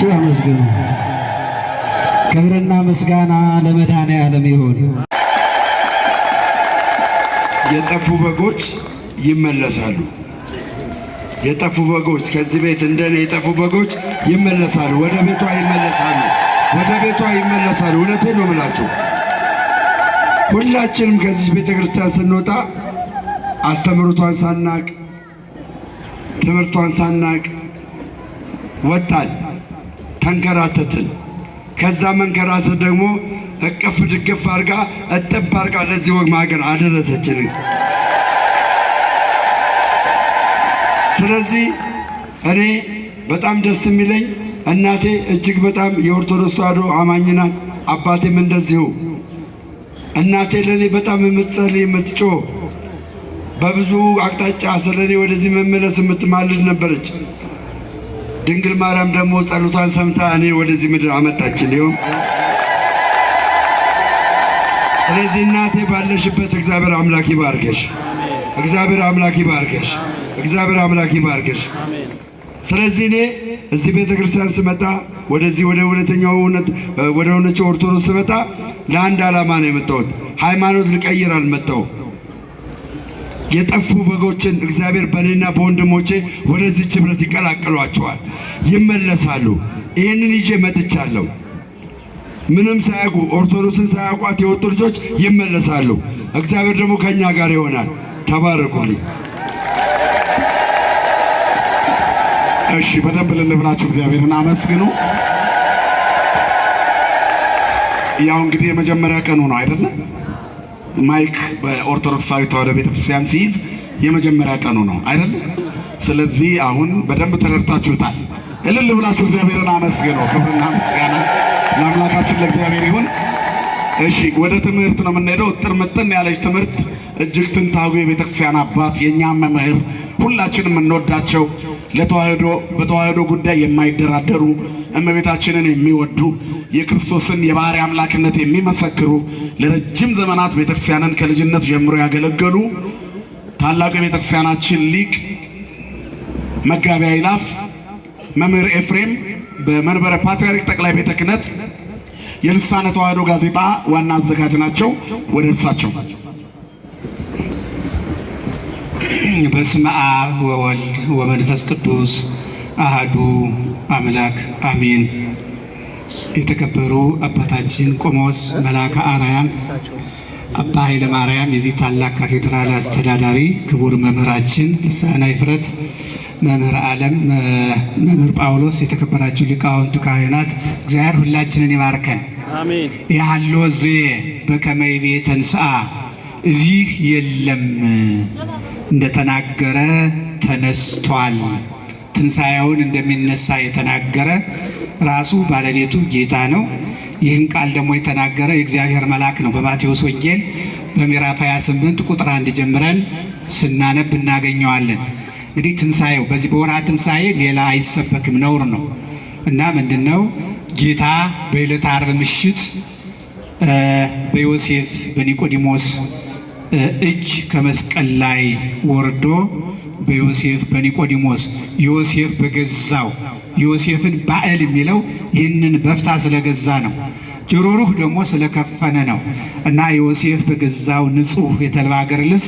ብላችሁ አመስግኑ። ክብርና ምስጋና ለመድኃኔ ዓለም ይሁን። የጠፉ በጎች ይመለሳሉ። የጠፉ በጎች ከዚህ ቤት እንደኔ የጠፉ በጎች ይመለሳሉ። ወደ ቤቷ ይመለሳሉ። ወደ ቤቷ ይመለሳሉ። እውነቴን ነው የምላችሁ። ሁላችንም ከዚህ ቤተ ክርስቲያን ስንወጣ አስተምህሮቷን ሳናቅ ትምህርቷን ሳናቅ ወጣን። ተንከራተትን። ከዛ መንከራተት ደግሞ እቅፍ ድግፍ አርጋ እጥብ አርጋ ለዚህ ወግ ማገር አደረሰችን። ስለዚህ እኔ በጣም ደስ የሚለኝ እናቴ እጅግ በጣም የኦርቶዶክስ ተዋሕዶ አማኝ ናት። አባቴም እንደዚሁ። እናቴ ለእኔ በጣም የምትጸል የምትጮ በብዙ አቅጣጫ ስለእኔ ወደዚህ መመለስ የምትማልድ ነበረች። ድንግል ማርያም ደግሞ ጸሎቷን ሰምታ እኔ ወደዚህ ምድር አመጣችን ሊሆን ስለዚህ እናቴ ባለሽበት እግዚአብሔር አምላክ ይባርከሽ። እግዚአብሔር አምላክ ይባርከሽ። እግዚአብሔር አምላክ ይባርከሽ። ስለዚህ እኔ እዚህ ቤተ ክርስቲያን ስመጣ ወደዚህ ወደ ሁለተኛው እውነት ወደ ሆነችው ኦርቶዶክስ ስመጣ ለአንድ ዓላማ ነው የመጣሁት። ሃይማኖት ልቀይር አልመጣሁም። የጠፉ በጎችን እግዚአብሔር በእኔና በወንድሞቼ ወደዚህ ችብረት ይቀላቅሏቸዋል፣ ይመለሳሉ። ይህንን ይዤ መጥቻለሁ። ምንም ሳያውቁ ኦርቶዶክስን ሳያውቋት የወጡ ልጆች ይመለሳሉ። እግዚአብሔር ደግሞ ከእኛ ጋር ይሆናል። ተባረኩልኝ። እሺ፣ በደንብ ልንብላችሁ እግዚአብሔርን አመስግኑ። ያው እንግዲህ የመጀመሪያ ቀኑ ነው አይደለም። ማይክ በኦርቶዶክሳዊ ተዋዶ ቤተክርስቲያን ሲይዝ የመጀመሪያ ቀኑ ነው አይደል? ስለዚህ አሁን በደንብ ተረድታችሁታል። እልል ብላችሁ እግዚአብሔርን አመስግኑ። ክብርና ምስጋና ለአምላካችን ለእግዚአብሔር ይሁን። እሺ፣ ወደ ትምህርት ነው የምንሄደው። እጥር ምጥን ያለች ትምህርት እጅግ ትንታዊ የቤተክርስቲያን አባት የእኛ መምህር ሁላችን የምንወዳቸው ለተዋህዶ በተዋህዶ ጉዳይ የማይደራደሩ እመቤታችንን የሚወዱ የክርስቶስን የባህሪ አምላክነት የሚመሰክሩ ለረጅም ዘመናት ቤተክርስቲያንን ከልጅነት ጀምሮ ያገለገሉ ታላቁ የቤተክርስቲያናችን ሊቅ መጋቢ አይላፍ መምህር ኤፍሬም በመንበረ ፓትርያርክ ጠቅላይ ቤተ ክህነት የልሳነ ተዋህዶ ጋዜጣ ዋና አዘጋጅ ናቸው። ወደ እርሳቸው። በስመ አብ ወወልድ ወመንፈስ ቅዱስ አህዱ አምላክ አሜን። የተከበሩ አባታችን ቆሞስ መልአከ አርያም አባ ኃይለ ማርያም የዚህ ታላቅ ካቴድራል አስተዳዳሪ፣ ክቡር መምህራችን ልሳነ ይፍረት መምህር ዓለም መምህር ጳውሎስ፣ የተከበራችሁ ሊቃውንት ካህናት፣ እግዚአብሔር ሁላችንን ይባርከን። ያህሎ ዘ በከመይቤ ተንስአ እዚህ የለም እንደተናገረ ተነስቷል። ትንሣኤውን እንደሚነሳ የተናገረ ራሱ ባለቤቱ ጌታ ነው። ይህን ቃል ደግሞ የተናገረ የእግዚአብሔር መልአክ ነው። በማቴዎስ ወንጌል በምዕራፍ 28 ቁጥር አንድ ጀምረን ስናነብ እናገኘዋለን። እንግዲህ ትንሣኤው በዚህ በወርሃ ትንሣኤ ሌላ አይሰበክም፣ ነውር ነው እና ምንድን ነው ጌታ በዕለተ ዓርብ ምሽት በዮሴፍ በኒቆዲሞስ እጅ ከመስቀል ላይ ወርዶ በዮሴፍ በኒቆዲሞስ ዮሴፍ በገዛው ዮሴፍን ባዕል የሚለው ይህንን በፍታ ስለገዛ ነው። ጆሮሩህ ደግሞ ስለከፈነ ነው እና ዮሴፍ በገዛው ንጹሕ የተልባ ሀገር ልብስ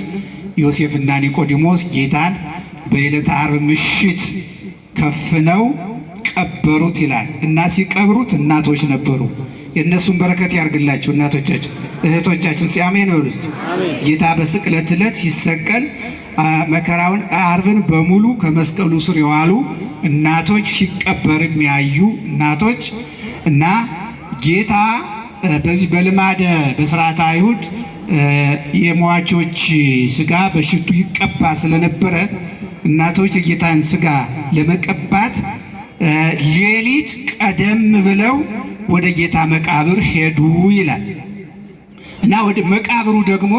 ዮሴፍና ኒቆዲሞስ ጌታን በዕለተ ዓርብ ምሽት ከፍነው ቀበሩት ይላል እና ሲቀብሩት እናቶች ነበሩ። የእነሱን በረከት ያርግላቸው እናቶቻችን፣ እህቶቻችን ሲያሜን በሉት። ጌታ በስቅለት ዕለት ሲሰቀል መከራውን አርብን በሙሉ ከመስቀሉ ስር የዋሉ እናቶች ሲቀበር የሚያዩ እናቶች እና ጌታ በዚህ በልማደ በስርዓተ አይሁድ የሟቾች ስጋ በሽቱ ይቀባ ስለነበረ እናቶች የጌታን ስጋ ለመቀባት ሌሊት ቀደም ብለው ወደ ጌታ መቃብር ሄዱ ይላል እና ወደ መቃብሩ ደግሞ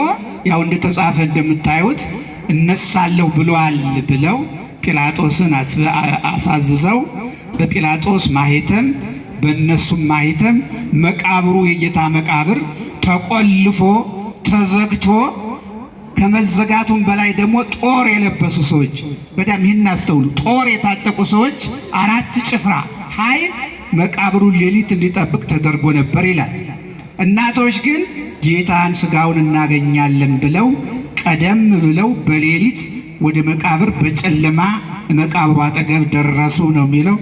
ያው እንደተጻፈ እንደምታዩት እነሳለሁ ብሏል ብለው ጲላጦስን አሳዝዘው በጲላጦስ ማህተም በእነሱም ማህተም መቃብሩ የጌታ መቃብር ተቆልፎ ተዘግቶ ከመዘጋቱም በላይ ደግሞ ጦር የለበሱ ሰዎች በዳም ይህን አስተውሉ። ጦር የታጠቁ ሰዎች አራት ጭፍራ ኃይል መቃብሩን ሌሊት እንዲጠብቅ ተደርጎ ነበር ይላል። እናቶች ግን ጌታን ስጋውን እናገኛለን ብለው ቀደም ብለው በሌሊት ወደ መቃብር በጨለማ መቃብሩ አጠገብ ደረሱ ነው የሚለው።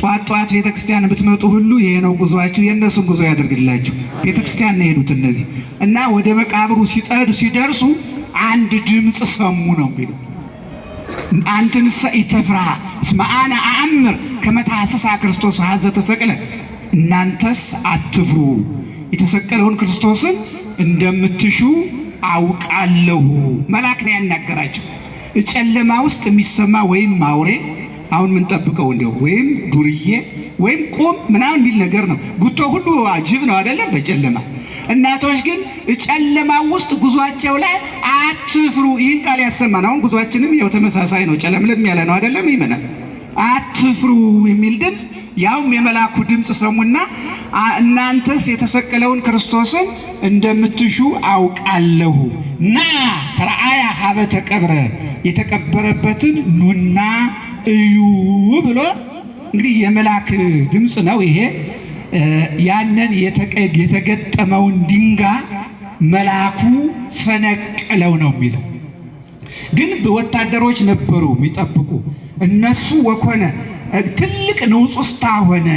ጧት ጧት ቤተክርስቲያን ብትመጡ ሁሉ ይሄ ነው ጉዟችሁ፣ የእነሱን ጉዞ ያደርግላችሁ። ቤተክርስቲያን ነው የሄዱት እነዚህ እና ወደ መቃብሩ ሲጠዱ ሲደርሱ አንድ ድምፅ ሰሙ ነው የሚለው አንትንሰ ኢተፍርሃ እስመ አነ አእምር ከመ ተሐሰሳ ክርስቶስ ኀዘ ተሰቅለ፣ እናንተስ አትፍሩ የተሰቀለውን ክርስቶስን እንደምትሹ አውቃለሁ። መልአክ ነው ያናገራቸው። ጨለማ ውስጥ የሚሰማ ወይም አውሬ አሁን የምንጠብቀው እንደው ወይም ዱርዬ ወይም ቁም ምናምን የሚል ነገር ነው። ጉቶ ሁሉ አጅብ ነው አይደለም? በጨለማ እናቶች ግን ጨለማ ውስጥ ጉዟቸው ላይ አትፍሩ። ይህን ቃል ያሰማን። አሁን ጉዟችንም ያው ተመሳሳይ ነው። ጨለምለም ያለ ነው አይደለም? ይመናል አትፍሩ የሚል ድምፅ ያውም የመልአኩ ድምፅ ሰሙና እናንተስ የተሰቀለውን ክርስቶስን እንደምትሹ አውቃለሁ ና ተረአያ ሀበ ተቀብረ የተቀበረበትን ኑና እዩ ብሎ እንግዲህ የመልአክ ድምፅ ነው ይሄ። ያንን የተገጠመውን ድንጋይ መልአኩ ፈነቅለው ነው የሚለው። ግን ወታደሮች ነበሩ የሚጠብቁ እነሱ ወኮነ ትልቅ ንውፅ ሆነ።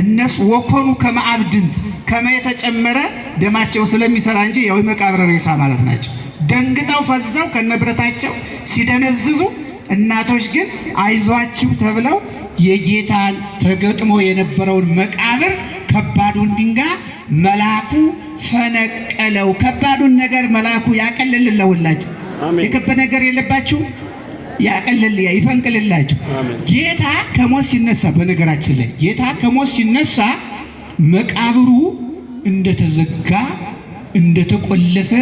እነሱ ወኮኑ ከመአብድንት ከመ የተጨመረ ደማቸው ስለሚሰራ እንጂ ያው መቃብር ሬሳ ማለት ናቸው። ደንግጠው ፈዘው ከነብረታቸው ሲደነዝዙ፣ እናቶች ግን አይዟችሁ ተብለው የጌታን ተገጥሞ የነበረውን መቃብር ከባዱን ድንጋይ መልአኩ ፈነቀለው። ከባዱን ነገር መልአኩ ያቀልልለውላችሁ። የከበደ ነገር የለባችሁ። ያቀልል ይፈንቅልላችሁ። ጌታ ከሞት ሲነሳ፣ በነገራችን ላይ ጌታ ከሞት ሲነሳ መቃብሩ እንደተዘጋ እንደተቆለፈ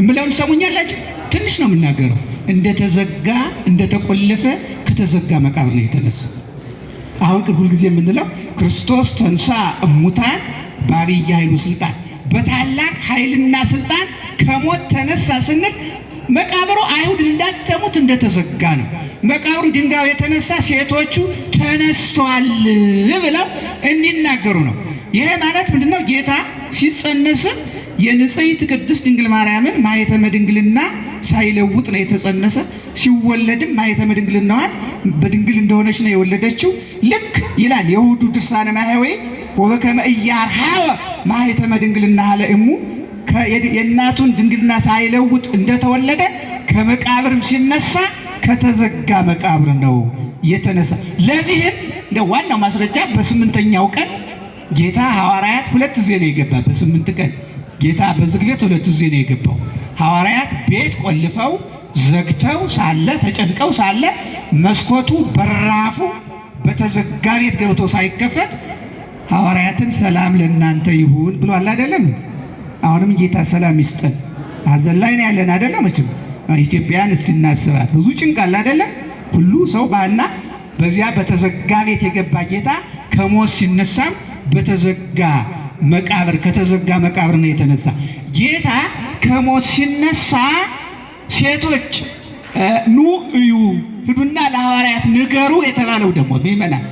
እምለውን ሰሙኛላችሁ። ትንሽ ነው የምናገረው። እንደተዘጋ እንደተቆለፈ ከተዘጋ መቃብር ነው የተነሳ። አሁን ሁል ጊዜ የምንለው ክርስቶስ ተንሳ እሙታን በአብይ ኃይሉ በታላቅ ኃይልና ስልጣን ከሞት ተነሳ ስንል መቃብሩ አይሁድ እንዳተሙት እንደተዘጋ ነው። መቃብሩ ድንጋዩ የተነሳ ሴቶቹ ተነስተዋል ብለው እንዲናገሩ ነው። ይሄ ማለት ምንድነው? ጌታ ሲጸነስም የንጽሕት ቅድስት ድንግል ማርያምን ማየተ ድንግልና ሳይለውጥ ነው የተጸነሰ። ሲወለድም ማኅተመ ድንግልናዋን በድንግል እንደሆነች ነው የወለደችው። ልክ ይላል የእሑዱ ድርሳነ ማኅየዊ ወበከመ ኢያርሐወ ማኅተመ ድንግልና አለ እሙ የእናቱን ድንግልና ሳይለውጥ እንደተወለደ ከመቃብርም ሲነሳ ከተዘጋ መቃብር ነው የተነሳ። ለዚህም እንደ ዋናው ማስረጃ በስምንተኛው ቀን ጌታ ሐዋርያት ሁለት ጊዜ ነው የገባ። በስምንት ቀን ጌታ በዝግ ቤት ሁለት ጊዜ ነው የገባው። ሐዋርያት ቤት ቆልፈው ዘግተው ሳለ ተጨንቀው ሳለ መስኮቱ በራፉ በተዘጋ ቤት ገብቶ ሳይከፈት ሐዋርያትን ሰላም ለእናንተ ይሁን ብሏል አይደለም? አሁንም ጌታ ሰላም ይስጠን። ሀዘን ላይ ነው ያለን አደለ? መቼም ኢትዮጵያን እስቲ እናስባት። ብዙ ጭንቅ አለ አደለ? ሁሉ ሰው ባና በዚያ በተዘጋ ቤት የገባ ጌታ ከሞት ሲነሳም በተዘጋ መቃብር ከተዘጋ መቃብር ነው የተነሳ ጌታ። ከሞት ሲነሳ ሴቶች ኑ እዩ፣ ሂዱና ለሐዋርያት ንገሩ የተባለው ደግሞ ምዕመናን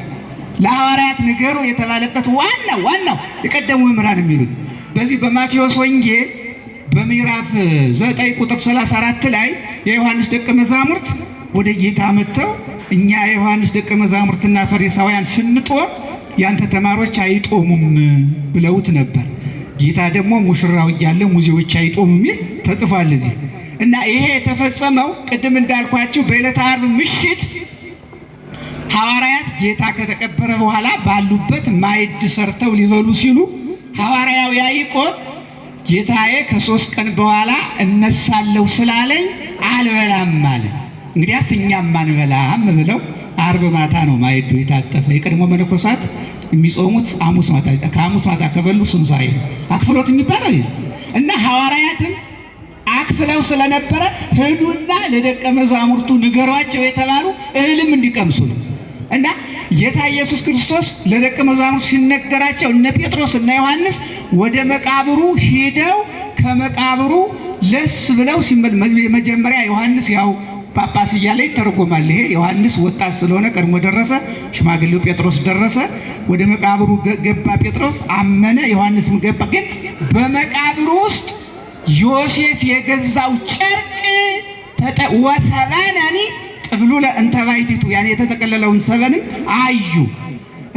ለሐዋርያት ንገሩ የተባለበት ዋናው ዋናው የቀደሙ መምህራን የሚሉት በዚህ በማቴዎስ ወንጌል በምዕራፍ ዘጠኝ ቁጥር 34 ላይ የዮሐንስ ደቀ መዛሙርት ወደ ጌታ መጥተው እኛ የዮሐንስ ደቀ መዛሙርትና ፈሪሳውያን ስንጦም ያንተ ተማሪዎች አይጦሙም ብለውት ነበር። ጌታ ደግሞ ሙሽራው እያለ ሙዚዎች አይጦሙ የሚል ተጽፏል እዚህ እና ይሄ የተፈጸመው ቅድም እንዳልኳችሁ በዕለተ ዓርብ ምሽት ሐዋርያት ጌታ ከተቀበረ በኋላ ባሉበት ማዕድ ሰርተው ሊበሉ ሲሉ ሐዋርያው ያዕቆብ ጌታዬ ከሶስት ቀን በኋላ እነሳለሁ ስላለኝ አልበላም አለ። እንግዲያስ እኛም አንበላም ብለው አርብ ማታ ነው ማዕዱ የታጠፈ። የቀድሞ መነኮሳት የሚጾሙት ሐሙስ ማታ፣ ከሐሙስ ማታ ከበሉ ስንሳኤ አክፍሎት የሚባለው እና ሐዋርያትም አክፍለው ስለነበረ ሂዱና ለደቀ መዛሙርቱ ንገሯቸው የተባሉ እህልም እንዲቀምሱ ነው እና ጌታ ኢየሱስ ክርስቶስ ለደቀ መዛሙርት ሲነገራቸው እነ ጴጥሮስ እና ዮሐንስ ወደ መቃብሩ ሄደው ከመቃብሩ ለስ ብለው መጀመሪያ ዮሐንስ ያው ጳጳስ እያለ ይተረጎማል። ይሄ ዮሐንስ ወጣት ስለሆነ ቀድሞ ደረሰ። ሽማግሌው ጴጥሮስ ደረሰ። ወደ መቃብሩ ገባ። ጴጥሮስ አመነ፣ ዮሐንስም ገባ። ግን በመቃብሩ ውስጥ ዮሴፍ የገዛው ጨርቅ ወሰባናኒ ጥብሉለ እንተባይቲቱ ያን የተጠቀለለውን ሰበንም አዩ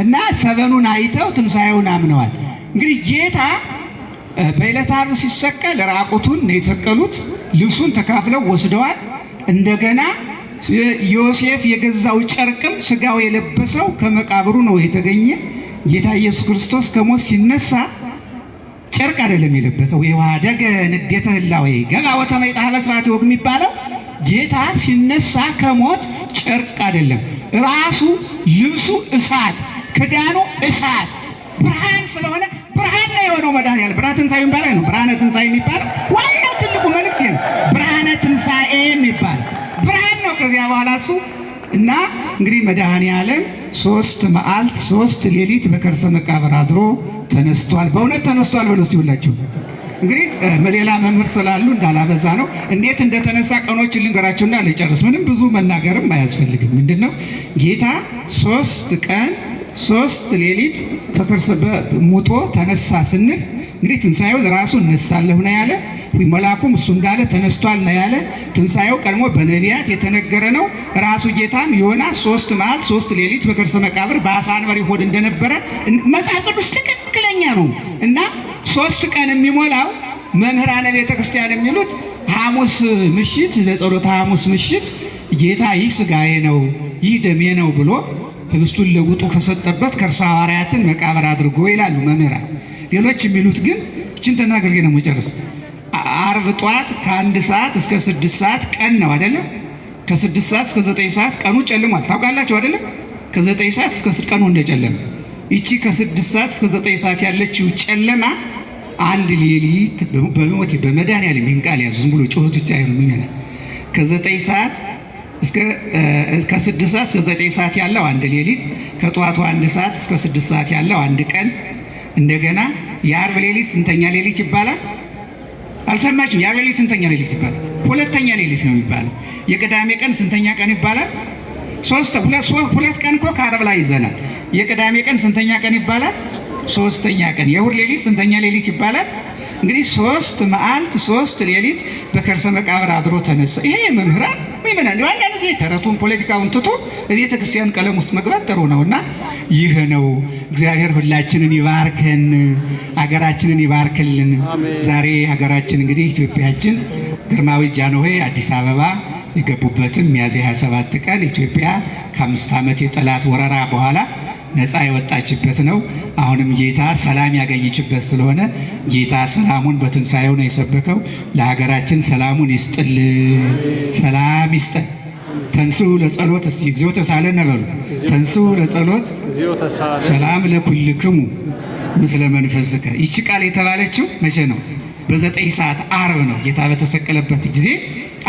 እና ሰበኑን አይተው ትንሣኤውን አምነዋል። እንግዲህ ጌታ በዕለተ ዓርብ ሲሰቀል ራቁቱን ነው የተሰቀሉት። ልብሱን ተካፍለው ወስደዋል። እንደገና ዮሴፍ የገዛው ጨርቅም ስጋው የለበሰው ከመቃብሩ ነው የተገኘ። ጌታ ኢየሱስ ክርስቶስ ከሞት ሲነሳ ጨርቅ አይደለም የለበሰው። የዋሃደገ ንዴተ ህላዌ ገባ ወተመይጣ በስርዓት ወግ የሚባለው ጌታ ሲነሳ ከሞት ጨርቅ አይደለም፣ ራሱ ልብሱ እሳት፣ ክዳኑ እሳት ብርሃን ስለሆነ ብርሃን ላይ የሆነው መድኃኒዓለም ብርሃነ ትንሣኤ የሚባለው ነው። ብርሃነ ትንሣኤ የሚባለው ዋናው ትልቁ መልእክት ነው። ብርሃነ ትንሣኤ የሚባለው ብርሃን ነው። ከዚያ በኋላ እሱ እና እንግዲህ መድኃኒዓለም ሶስት መዓልት ሶስት ሌሊት በከርሰ መቃብር አድሮ ተነስቷል። በእውነት ተነስቷል በሉ እስቲ ሁላችሁ እንግዲህ በሌላ መምህር ስላሉ እንዳላበዛ ነው። እንዴት እንደተነሳ ቀኖችን ልንገራችሁና ልጨርስ። ምንም ብዙ መናገርም አያስፈልግም። ምንድን ነው ጌታ ሶስት ቀን ሶስት ሌሊት ሙቶ ተነሳ ስንል እንግዲህ ትንሣኤውን ራሱ እነሳለሁ ነው ያለ። መልአኩም እሱ እንዳለ ተነስቷል ነው ያለ። ትንሣኤው ቀድሞ በነቢያት የተነገረ ነው። ራሱ ጌታም ዮናስ ሶስት መዓል ሶስት ሌሊት በከርሰ መቃብር በአሳ አንበሪ ሆድ እንደነበረ መጽሐፍ ቅዱስ ትክክለኛ ነው እና ሶስት ቀን የሚሞላው መምህራነ ቤተ ክርስቲያን የሚሉት ሐሙስ ምሽት ለጸሎተ ሐሙስ ምሽት ጌታ ይህ ስጋዬ ነው ይህ ደሜ ነው ብሎ ህብስቱን ለውጡ ከሰጠበት ከእርሳ ሐዋርያትን መቃብር አድርጎ ይላሉ መምህራን። ሌሎች የሚሉት ግን እችን ተናገር ነው መጨረስ። አርብ ጠዋት ከአንድ ሰዓት እስከ ስድስት ሰዓት ቀን ነው አይደለም። ከስድስት ሰዓት እስከ ዘጠኝ ሰዓት ቀኑ ጨልሟል፣ ታውቃላችሁ አይደለም። ከዘጠኝ ሰዓት እስከ ቀኑ እንደጨለመ ይቺ ከስድስት ሰዓት እስከ ዘጠኝ ሰዓት ያለችው ጨለማ አንድ ሌሊት በሞቴ በመድኃኒዓለም ይህን ቃል ያዙ። ዝም ብሎ ጩኸት ብቻ አይሆንም። ይሆናል ከዘጠኝ ሰዓት ከስድስት ሰዓት እስከ ዘጠኝ ሰዓት ያለው አንድ ሌሊት፣ ከጠዋቱ አንድ ሰዓት እስከ ስድስት ሰዓት ያለው አንድ ቀን። እንደገና የአርብ ሌሊት ስንተኛ ሌሊት ይባላል? አልሰማችም? የአርብ ሌሊት ስንተኛ ሌሊት ይባላል? ሁለተኛ ሌሊት ነው የሚባለው። የቅዳሜ ቀን ስንተኛ ቀን ይባላል? ሶስት ሁለት ቀን እኮ ከአርብ ላይ ይዘናል። የቅዳሜ ቀን ስንተኛ ቀን ይባላል? ሶስተኛ ቀን የእሑድ ሌሊት ስንተኛ ሌሊት ይባላል? እንግዲህ ሶስት መዓልት ሶስት ሌሊት በከርሰ መቃብር አድሮ ተነሳ። ይሄ መምህራን ምምናን አንዳንድ ጊዜ ተረቱን ፖለቲካውን ትቶ በቤተ ክርስቲያን ቀለም ውስጥ መግባት ጥሩ ነውና ይህ ነው። እግዚአብሔር ሁላችንን ይባርከን፣ አገራችንን ይባርክልን። ዛሬ ሀገራችን እንግዲህ ኢትዮጵያችን ግርማዊ ጃንሆይ አዲስ አበባ የገቡበትም ሚያዝያ 27 ቀን ኢትዮጵያ ከአምስት ዓመት የጠላት ወረራ በኋላ ነፃ የወጣችበት ነው። አሁንም ጌታ ሰላም ያገኘችበት ስለሆነ ጌታ ሰላሙን በትንሣኤው ነው የሰበከው። ለሀገራችን ሰላሙን ይስጥል፣ ሰላም ይስጠን። ተንስኡ ለጸሎት እግዚኦ ተሳለ ነበሩ ተንስኡ ለጸሎት ሰላም ለኩልክሙ ምስለ መንፈስከ። ይቺ ቃል የተባለችው መቼ ነው? በዘጠኝ ሰዓት አርብ ነው ጌታ በተሰቀለበት ጊዜ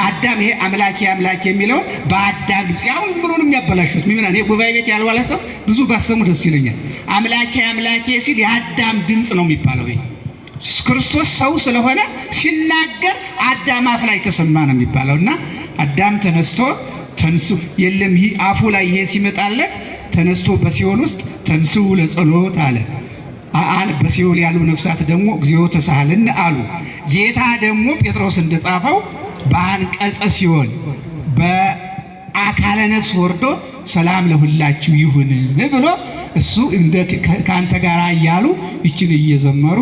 አዳም ይሄ አምላኬ አምላኬ የሚለውን በአዳም ድምፅ አሁን ዝም ብሎ ነው የሚያበላሹት። ምናምን የጉባኤ ቤት ያልዋለ ሰው ብዙ ባሰሙ ደስ ይለኛል። አምላኬ አምላኬ ሲል የአዳም ድምፅ ነው የሚባለው። ይሄ ክርስቶስ ሰው ስለሆነ ሲናገር አዳም አፍ ላይ ተሰማ ነው የሚባለው እና አዳም ተነስቶ ተንሱ የለም ይህ አፉ ላይ ይሄ ሲመጣለት ተነስቶ በሲኦል ውስጥ ተንሱ ለጸሎት አለ አል በሲኦል ያሉ ነፍሳት ደግሞ እግዚኦ ተሳሃልን አሉ። ጌታ ደግሞ ጴጥሮስ እንደጻፈው በአንቀጸ ሲሆን በአካለ ነፍስ ወርዶ ሰላም ለሁላችሁ ይሁን ብሎ እሱ ከአንተ ጋር እያሉ ይችን እየዘመሩ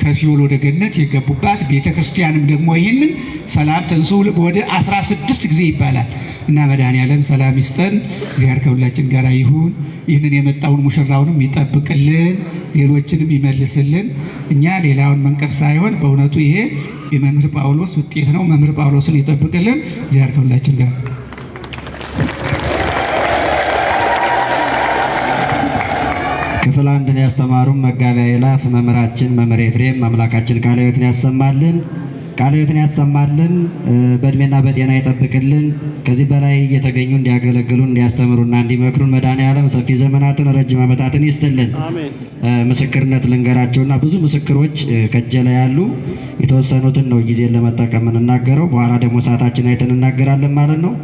ከሲኦል ወደ ገነት የገቡባት ቤተ ክርስቲያንም ደግሞ ይህንን ሰላም ተንሥኡ ወደ 16 ጊዜ ይባላል። እና መድኃኔዓለም ሰላም ይስጠን። እግዚአብሔር ከሁላችን ጋር ይሁን። ይህንን የመጣውን ሙሽራውንም ይጠብቅልን፣ ሌሎችንም ይመልስልን። እኛ ሌላውን መንቀፍ ሳይሆን በእውነቱ ይሄ የመምህር ጳውሎስ ውጤት ነው። መምህር ጳውሎስን ይጠብቅልን። እግዚአብሔር ከሁላችን ጋር ክፍል አንድን ያስተማሩን መጋቢያ ይላፍ መምህራችን መምህር ኤፍሬም አምላካችን ቃለ ሕይወትን ያሰማልን። ቃለ ሕይወትን ያሰማልን፣ በእድሜና በጤና ይጠብቅልን። ከዚህ በላይ እየተገኙ እንዲያገለግሉ እንዲያስተምሩና እንዲመክሩን መድኃኔዓለም ሰፊ ዘመናትን ረጅም ዓመታትን ይስጥልን። ምስክርነት ልንገራቸውና ብዙ ምስክሮች ከእጄ ላይ ያሉ የተወሰኑትን ነው ጊዜን ለመጠቀም እንናገረው በኋላ ደግሞ ሰዓታችን አይተን እናገራለን ማለት ነው።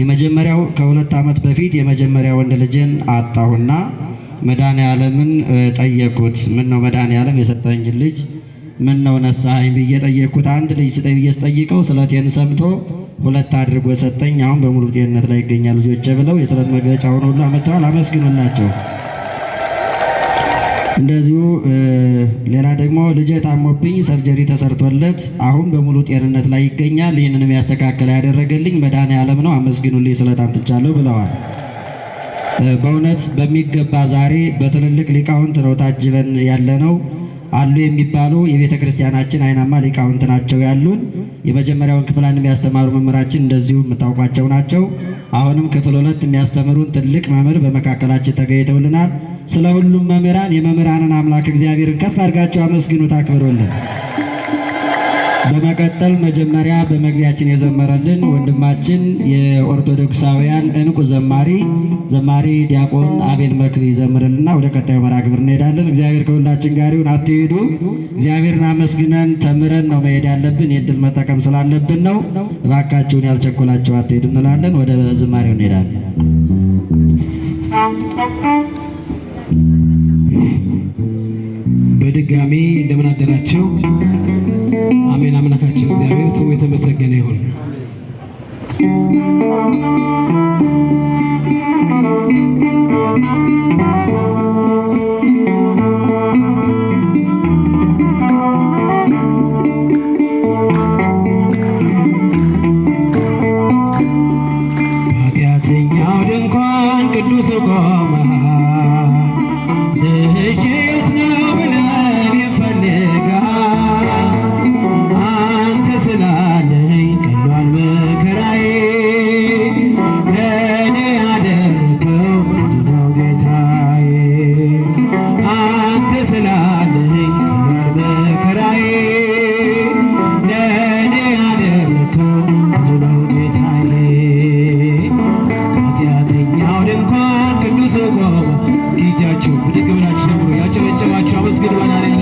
የመጀመሪያው ከሁለት ዓመት በፊት የመጀመሪያ ወንድ ልጅን አጣሁና መድኃኔዓለምን ጠየቁት። ምን ነው መድኃኔዓለም የሰጠኝ ልጅ ምን ነው ነሳኸኝ ብዬ ጠየቅኩት። አንድ ልጅ ስጠኝ ብዬ ስጠይቀው ስለቴን ሰምቶ ሁለት አድርጎ ሰጠኝ። አሁን በሙሉ ጤንነት ላይ ይገኛል። ልጆቼ ብለው የስለት መግለጫውን ሁሉ አመጥተዋል። አመስግኑላቸው። እንደዚሁ ሌላ ደግሞ ልጄ ታሞብኝ ሰርጀሪ ተሰርቶለት አሁን በሙሉ ጤንነት ላይ ይገኛል። ይህንንም ያስተካከለ ያደረገልኝ መድኃኔ ዓለም ነው። አመስግኑልኝ ስለት አምጥቻለሁ ብለዋል። በእውነት በሚገባ ዛሬ በትልልቅ ሊቃውንት ነው ታጅበን ያለ ነው። አሉ የሚባሉ የቤተ ክርስቲያናችን አይናማ ሊቃውንት ናቸው ያሉን። የመጀመሪያውን ክፍል አንድ የሚያስተማሩ መምህራችን እንደዚሁ የምታውቋቸው ናቸው። አሁንም ክፍል ሁለት የሚያስተምሩን ትልቅ መምህር በመካከላችን ተገኝተውልናል። ስለ ሁሉም መምህራን የመምህራንን አምላክ እግዚአብሔርን ከፍ አድርጋቸው አመስግኑት፣ አክብሩልን። በመቀጠል መጀመሪያ በመግቢያችን የዘመረልን ወንድማችን የኦርቶዶክሳውያን እንቁ ዘማሪ ዘማሪ ዲያቆን አቤል መክሪ ይዘምርልና ወደ ቀጣዩ መርሐ ግብር እንሄዳለን። እግዚአብሔር ከሁላችን ጋር ይሁን። አትሄዱ። እግዚአብሔርን አመስግነን ተምረን ነው መሄድ ያለብን። የድል መጠቀም ስላለብን ነው። እባካችሁን ያልቸኮላችሁ አትሄዱ እንላለን። ወደ ዝማሬው እንሄዳለን። በድጋሚ እንደምን አደራቸው አሜን። አምላካችን እግዚአብሔር ስሙ የተመሰገነ ይሁን። Thank you. ጻድቅ ብላችሁ ዘምሩ። ያጨበጨባችሁ አመስግኑ።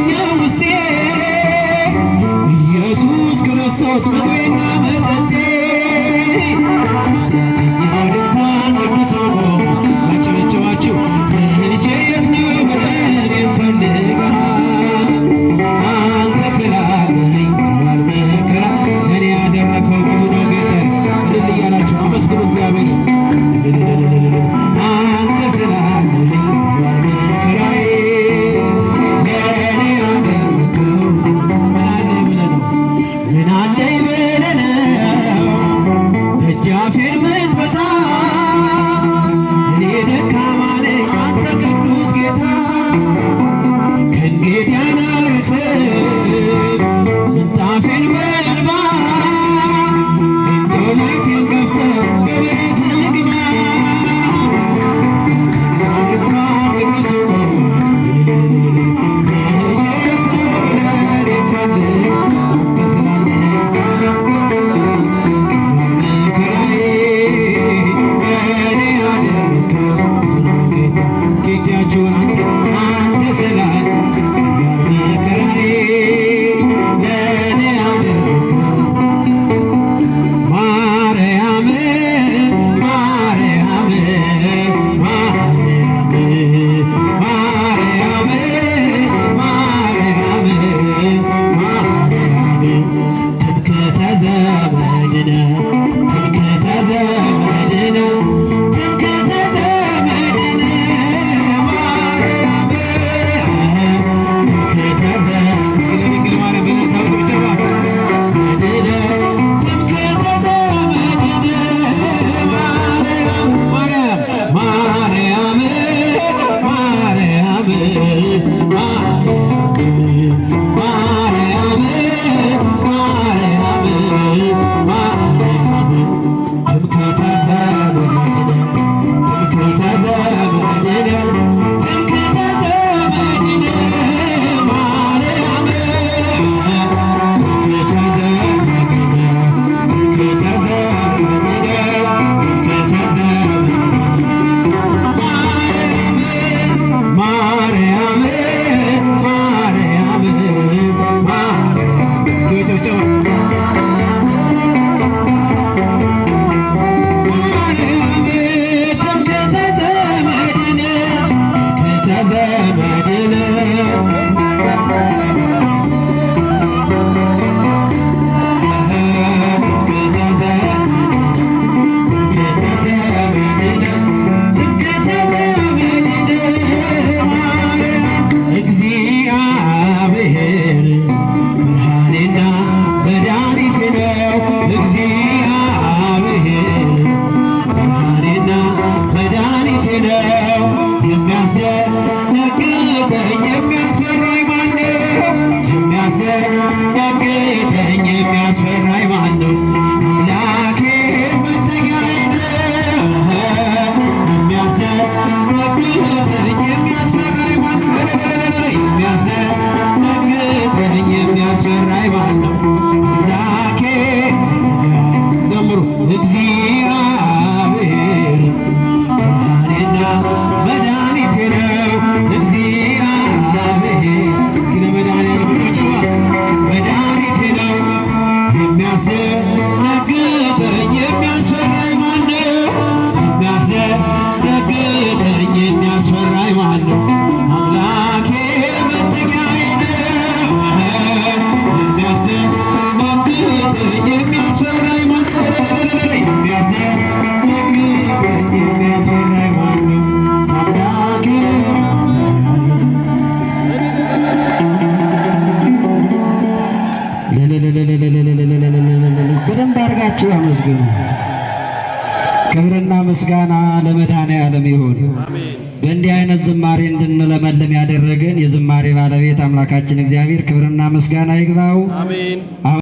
ዋነኛው ውስጤ ኢየሱስ ክርስቶስ ምግቤና መጠጤ